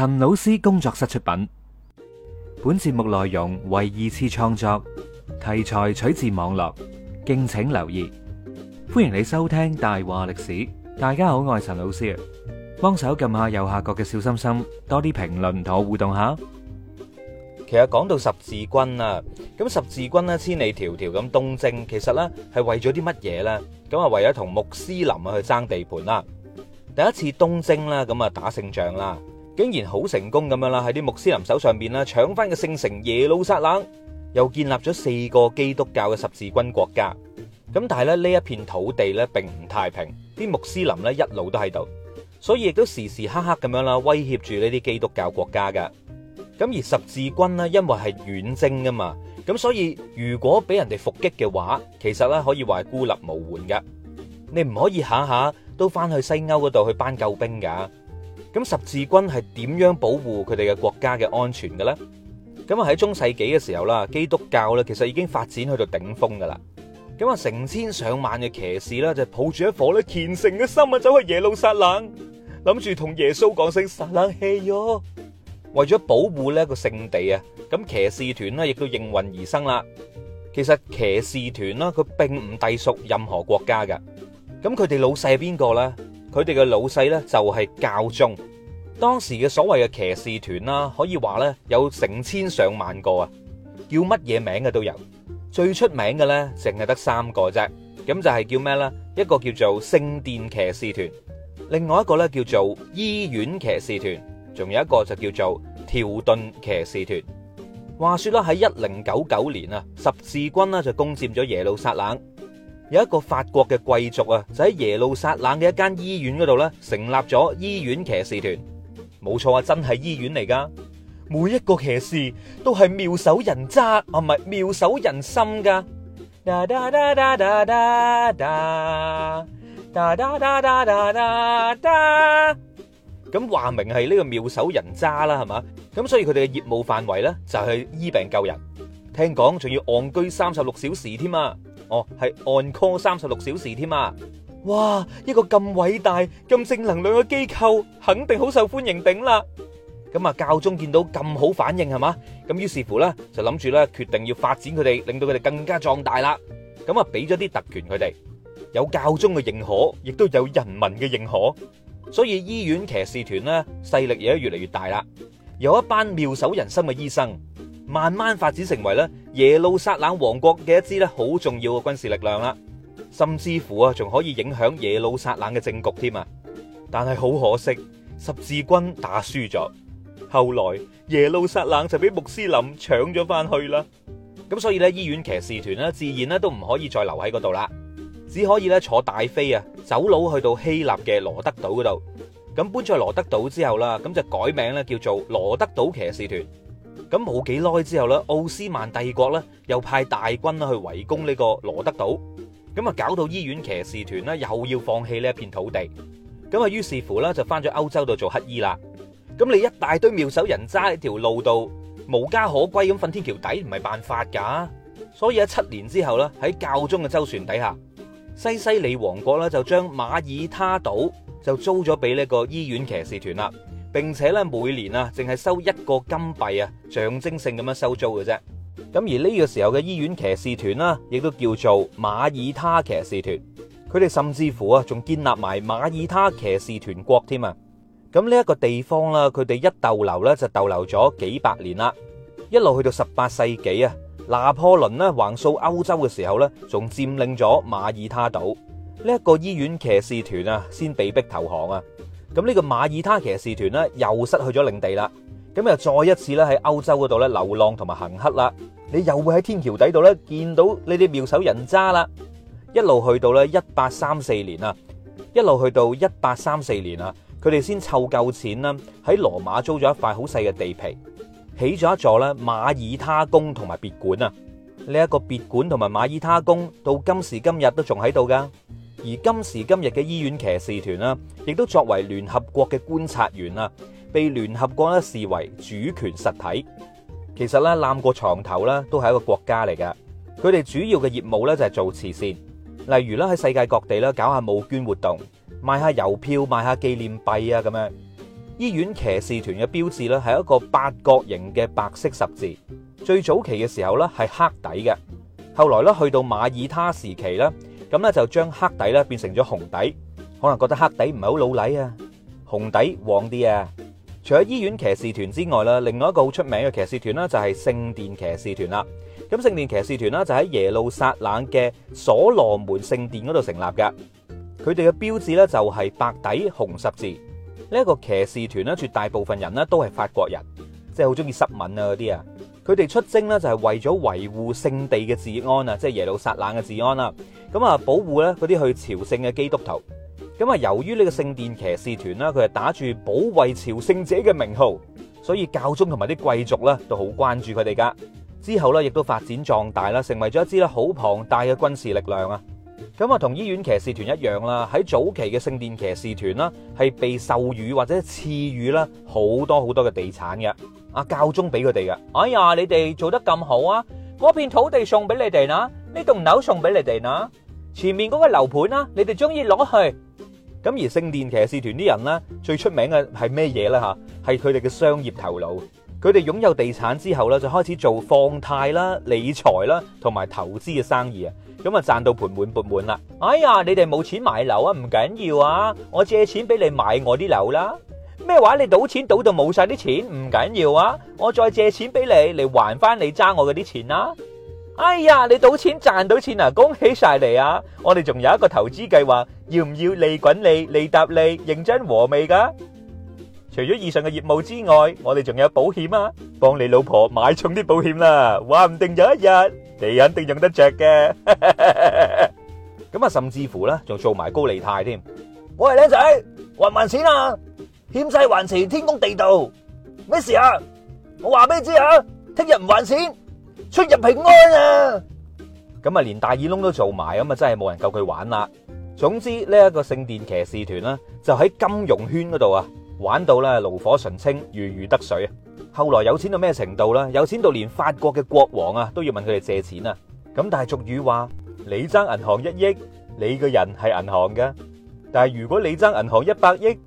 陳老師工作室出品，本節目內容為二次創作，題材取自網絡，敬請留意。歡迎你收聽《大話歷史》。大家好，我係陳老師啊。幫手撳下右下角嘅小心心，多啲評論同我互動下。其實講到十字軍啦，咁十字軍呢，千里迢迢咁東征，其實呢係為咗啲乜嘢呢？咁啊，為咗同穆斯林啊去爭地盤啦。第一次東征啦，咁啊打勝仗啦。竟然好成功咁樣啦，喺啲穆斯林手上邊啦，搶翻個聖城耶路撒冷，又建立咗四個基督教嘅十字軍國家。咁但係咧，呢一片土地咧並唔太平，啲穆斯林咧一路都喺度，所以亦都時時刻刻咁樣啦威脅住呢啲基督教國家㗎。咁而十字軍呢，因為係遠征啊嘛，咁所以如果俾人哋伏擊嘅話，其實咧可以話係孤立無援㗎。你唔可以下下都翻去西歐嗰度去搬救兵噶。咁十字軍係點樣保護佢哋嘅國家嘅安全嘅咧？咁啊喺中世紀嘅時候啦，基督教咧其實已經發展去到頂峰噶啦。咁啊成千上萬嘅騎士咧就抱住一顆咧虔誠嘅心啊，走去耶路撒冷，諗住同耶穌講聲撒冷氣喲，為咗保護呢一個聖地啊。咁騎士團呢，亦都應運而生啦。其實騎士團啦，佢並唔隸屬任何國家嘅。咁佢哋老細係邊個咧？佢哋嘅老細呢，就係教宗，當時嘅所謂嘅騎士團啦，可以話呢，有成千上萬個啊，叫乜嘢名嘅都有，最出名嘅呢，淨係得三個啫，咁就係叫咩呢？一個叫做聖殿騎士團，另外一個呢，叫做醫院騎士團，仲有一個就叫做條頓騎士團。話說啦，喺一零九九年啊，十字軍呢，就攻佔咗耶路撒冷。有一個法國嘅貴族啊，就喺耶路撒冷嘅一間醫院嗰度咧，成立咗醫院騎士團。冇錯啊，真係醫院嚟噶。每一個騎士都係妙手人渣，唔、啊、係妙手仁心噶。咁話、嗯嗯、明係呢個妙手人渣啦，係嘛？咁所以佢哋嘅業務範圍咧就係、是、醫病救人。聽講仲要 On Call 三十六小時添啊！哦，係 on call 三十六小時添啊！哇，一個咁偉大、咁正能量嘅機構，肯定好受歡迎頂啦。咁啊，教宗見到咁好反應係嘛？咁於是乎呢，就諗住呢，決定要發展佢哋，令到佢哋更加壯大啦。咁啊，俾咗啲特權佢哋，有教宗嘅認可，亦都有人民嘅認可，所以醫院騎士團呢勢力亦都越嚟越大啦。有一班妙手仁心嘅醫生，慢慢發展成為咧。耶路撒冷王國嘅一支咧好重要嘅軍事力量啦，甚至乎啊仲可以影響耶路撒冷嘅政局添啊！但係好可惜，十字軍打輸咗，後來耶路撒冷就俾穆斯林搶咗翻去啦。咁所以咧，醫院騎士團咧自然咧都唔可以再留喺嗰度啦，只可以咧坐大飛啊，走佬去到希臘嘅羅德島嗰度。咁搬咗去羅德島之後啦，咁就改名咧叫做羅德島騎士團。咁冇幾耐之後咧，奧斯曼帝國咧又派大軍去圍攻呢個羅德島，咁啊搞到醫院騎士團呢又要放棄呢一片土地，咁啊於是乎呢，就返咗歐洲度做乞兒啦。咁你一大堆妙手人渣喺條路度無家可歸咁瞓天橋底唔係辦法㗎，所以喺七年之後咧喺教宗嘅周旋底下，西西里王國咧就將馬爾他島就租咗俾呢個醫院騎士團啦。並且咧，每年啊，淨係收一個金幣啊，象徵性咁樣收租嘅啫。咁而呢個時候嘅醫院騎士團啦，亦都叫做馬耳他騎士團。佢哋甚至乎啊，仲建立埋馬耳他騎士團國添啊。咁呢一個地方啦，佢哋一逗留咧就逗留咗幾百年啦，一路去到十八世紀啊，拿破崙咧橫掃歐洲嘅時候呢，仲佔領咗馬耳他島，呢一個醫院騎士團啊，先被逼投降啊。咁呢個馬耳他騎士團呢，又失去咗領地啦，咁又再一次咧喺歐洲嗰度咧流浪同埋行乞啦，你又會喺天橋底度咧見到你哋妙手人渣啦，一路去到咧一八三四年啊，一路去到一八三四年啊，佢哋先湊夠錢啦，喺羅馬租咗一塊好細嘅地皮，起咗一座咧馬耳他宮同埋別館啊，呢一個別館同埋馬耳他宮到今時今日都仲喺度噶。而今時今日嘅醫院騎士團啦，亦都作為聯合國嘅觀察員啊，被聯合國咧視為主權實體。其實呢，攬過床頭呢都係一個國家嚟嘅。佢哋主要嘅業務呢，就係做慈善，例如咧喺世界各地咧搞下募捐活動，賣下郵票，賣下紀念幣啊咁樣。醫院騎士團嘅標誌呢，係一個八角形嘅白色十字，最早期嘅時候呢，係黑底嘅，後來呢，去到馬爾他時期呢。咁咧就將黑底咧變成咗紅底，可能覺得黑底唔係好老禮啊，紅底旺啲啊。除咗醫院騎士團之外啦，另外一個好出名嘅騎士團呢，就係聖殿騎士團啦。咁聖殿騎士團呢，就喺耶路撒冷嘅所羅門聖殿嗰度成立嘅。佢哋嘅標誌呢，就係白底紅十字。呢一個騎士團呢，絕大部分人呢，都係法國人，即係好中意濕吻啊嗰啲啊。佢哋出征呢，就係為咗維護聖地嘅治安啊，即係耶路撒冷嘅治安啊。咁啊，保護咧嗰啲去朝聖嘅基督徒。咁啊，由於呢個聖殿騎士團啦，佢係打住保衛朝聖者嘅名號，所以教宗同埋啲貴族呢，都好關注佢哋噶。之後呢，亦都發展壯大啦，成為咗一支咧好龐大嘅軍事力量啊。咁啊，同醫院騎士團一樣啦，喺早期嘅聖殿騎士團啦，係被授予或者賜予啦好多好多嘅地產嘅。阿教宗俾佢哋嘅，哎呀，你哋做得咁好啊！嗰片土地送俾你哋啦，呢棟樓送俾你哋啦，前面嗰個樓盤啦，你哋中意攞去。咁而聖殿騎士團啲人咧，最出名嘅係咩嘢咧？吓，係佢哋嘅商業頭腦。佢哋擁有地產之後咧，就開始做放貸啦、理財啦，同埋投資嘅生意啊。咁啊，賺到盆滿缽滿啦。哎呀，你哋冇錢買樓啊？唔緊要啊，我借錢俾你買我啲樓啦。咩話？你賭錢賭到冇晒啲錢唔緊要啊！我再借錢俾你嚟還翻你揸我嗰啲錢啦。哎呀，你賭錢賺到錢啊，恭喜晒你啊！我哋仲有一個投資計劃，要唔要利滾利、利搭利，認真和味噶？除咗以上嘅業務之外，我哋仲有保險啊，幫你老婆買重啲保險啦，話唔定有一日你肯定用得着嘅。咁啊，甚至乎咧，仲做埋高利貸添。喂，靚仔，還唔還錢啊！欠債還錢，天公地道，咩事啊？我話俾你知啊，聽日唔還錢，出入平安啊！咁啊，連大耳窿都做埋，咁啊真係冇人夠佢玩啦。總之呢一個聖殿騎士團啦，就喺金融圈嗰度啊，玩到啦爐火純青，如魚得水啊！後來有錢到咩程度啦？有錢到連法國嘅國王啊都要問佢哋借錢啊！咁但係俗語話，你爭銀行一億，你個人係銀行噶；但係如果你爭銀行一百億。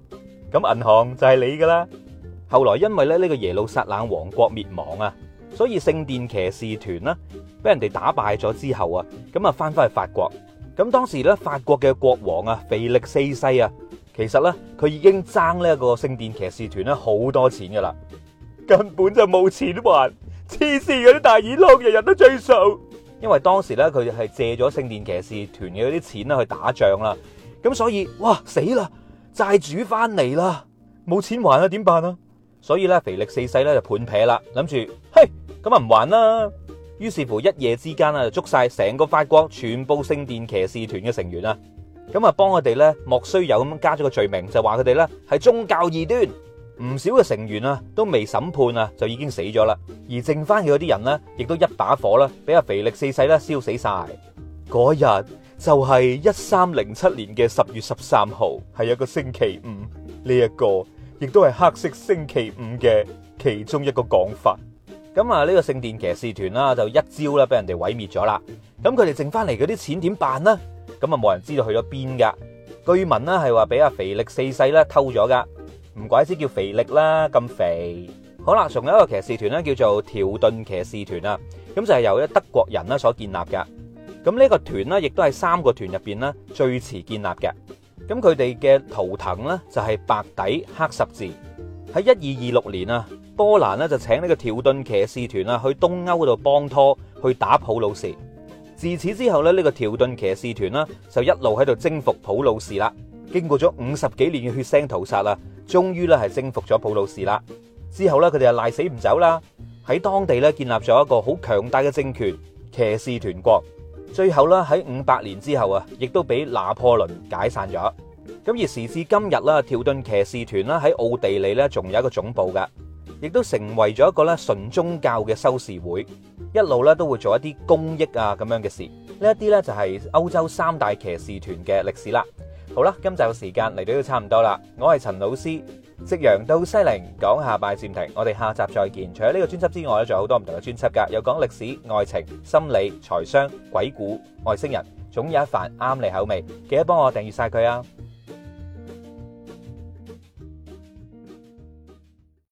咁銀行就係你噶啦。後來因為咧呢個耶路撒冷王國滅亡啊，所以聖殿騎士團呢，俾人哋打敗咗之後啊，咁啊翻翻去法國。咁當時呢，法國嘅國王啊腓力四世啊，其實呢，佢已經爭呢一個聖殿騎士團咧好多錢噶啦，根本就冇錢還，黐線嗰啲大耳窿，人人都追數。因為當時呢，佢係借咗聖殿騎士團嘅啲錢啦去打仗啦，咁所以哇死啦！債主翻嚟啦，冇錢還啦，啊，點辦啊？所以咧，肥力四世咧就判劈啦，諗住嘿咁啊唔還啦。於是乎一夜之間啊，捉晒成個法國全部聖殿騎士團嘅成員啊，咁啊幫佢哋咧莫須有咁加咗個罪名，就話佢哋咧係宗教異端。唔少嘅成員啊都未審判啊就已經死咗啦，而剩翻嘅嗰啲人呢，亦都一把火啦，俾阿肥力四世咧燒死晒。嗰日，就係一三零七年嘅十月十三號，係一個星期五，呢一個亦都係黑色星期五嘅其中一個講法。咁啊，呢個聖殿騎士團啦，就一朝啦，俾人哋毀滅咗啦。咁佢哋剩翻嚟嗰啲錢點辦呢？咁啊，冇人知道去咗邊噶。據聞呢，係話俾阿肥力四世啦偷咗噶，唔怪之叫肥力啦，咁肥。好啦，仲有一個騎士團呢，叫做條頓騎士團啊，咁就係由一德國人啦所建立噶。咁呢個團呢，亦都係三個團入邊咧最遲建立嘅。咁佢哋嘅圖騰呢，就係白底黑十字。喺一二二六年啊，波蘭呢就請呢個條頓騎士團啊去東歐嗰度幫拖去打普魯士。自此之後咧，呢、呢個條頓騎士團呢，就一路喺度征服普魯士啦。經過咗五十幾年嘅血腥屠殺啊，終於呢係征服咗普魯士啦。之後呢，佢哋就賴死唔走啦，喺當地呢，建立咗一個好強大嘅政權——騎士團國。最後啦，喺五百年之後啊，亦都俾拿破崙解散咗。咁而時至今日啦，條頓騎士團啦喺奧地利咧，仲有一個總部噶，亦都成為咗一個咧純宗教嘅修士會，一路咧都會做一啲公益啊咁樣嘅事。呢一啲咧就係歐洲三大騎士團嘅歷史啦。好啦，今集嘅時間嚟到都差唔多啦，我係陳老師，夕陽到西陵講下拜占庭，我哋下集再見。除咗呢個專輯之外咧，仲有好多唔同嘅專輯噶，有講歷史、愛情、心理、財商、鬼故、外星人，總有一番啱你口味，記得幫我訂閱晒佢啊！